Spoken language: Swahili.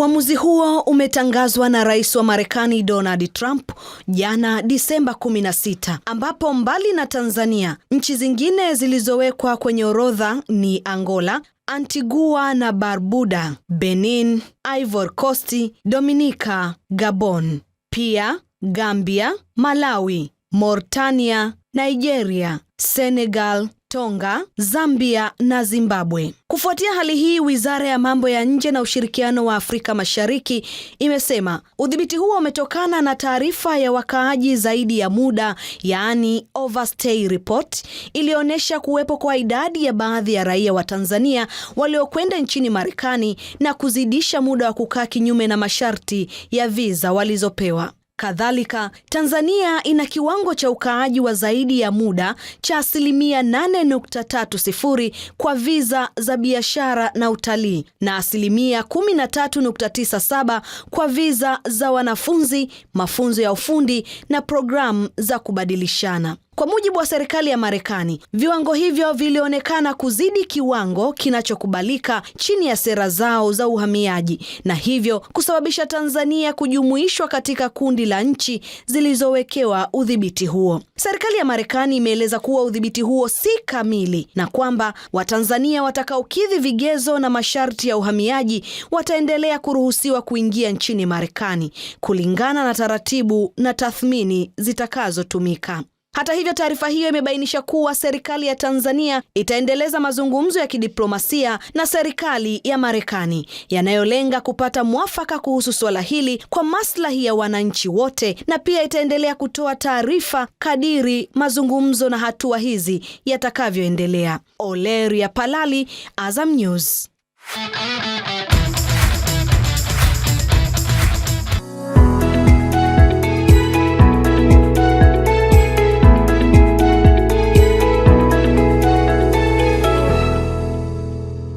Uamuzi huo umetangazwa na Rais wa Marekani Donald Trump jana Disemba 16, ambapo mbali na Tanzania, nchi zingine zilizowekwa kwenye orodha ni Angola, Antigua na Barbuda, Benin, Ivory Coast, Dominica, Gabon, pia Gambia, Malawi, Mauritania, Nigeria, Senegal, Tonga, Zambia na Zimbabwe. Kufuatia hali hii, Wizara ya Mambo ya Nje na Ushirikiano wa Afrika Mashariki imesema udhibiti huo umetokana na taarifa ya wakaaji zaidi ya muda, yaani overstay report, iliyoonyesha kuwepo kwa idadi ya baadhi ya raia wa Tanzania waliokwenda nchini Marekani na kuzidisha muda wa kukaa kinyume na masharti ya visa walizopewa. Kadhalika, Tanzania ina kiwango cha ukaaji wa zaidi ya muda cha asilimia 8.30 kwa viza za biashara na utalii na asilimia 13.97 kwa viza za wanafunzi, mafunzo ya ufundi na programu za kubadilishana. Kwa mujibu wa serikali ya Marekani, viwango hivyo vilionekana kuzidi kiwango kinachokubalika chini ya sera zao za uhamiaji na hivyo kusababisha Tanzania kujumuishwa katika kundi la nchi zilizowekewa udhibiti huo. Serikali ya Marekani imeeleza kuwa udhibiti huo si kamili na kwamba Watanzania watakaokidhi vigezo na masharti ya uhamiaji wataendelea kuruhusiwa kuingia nchini Marekani kulingana na taratibu na tathmini zitakazotumika. Hata hivyo, taarifa hiyo imebainisha kuwa serikali ya Tanzania itaendeleza mazungumzo ya kidiplomasia na serikali ya Marekani yanayolenga kupata mwafaka kuhusu suala hili kwa maslahi ya wananchi wote, na pia itaendelea kutoa taarifa kadiri mazungumzo na hatua hizi yatakavyoendelea. Oleria Palali, Azam News.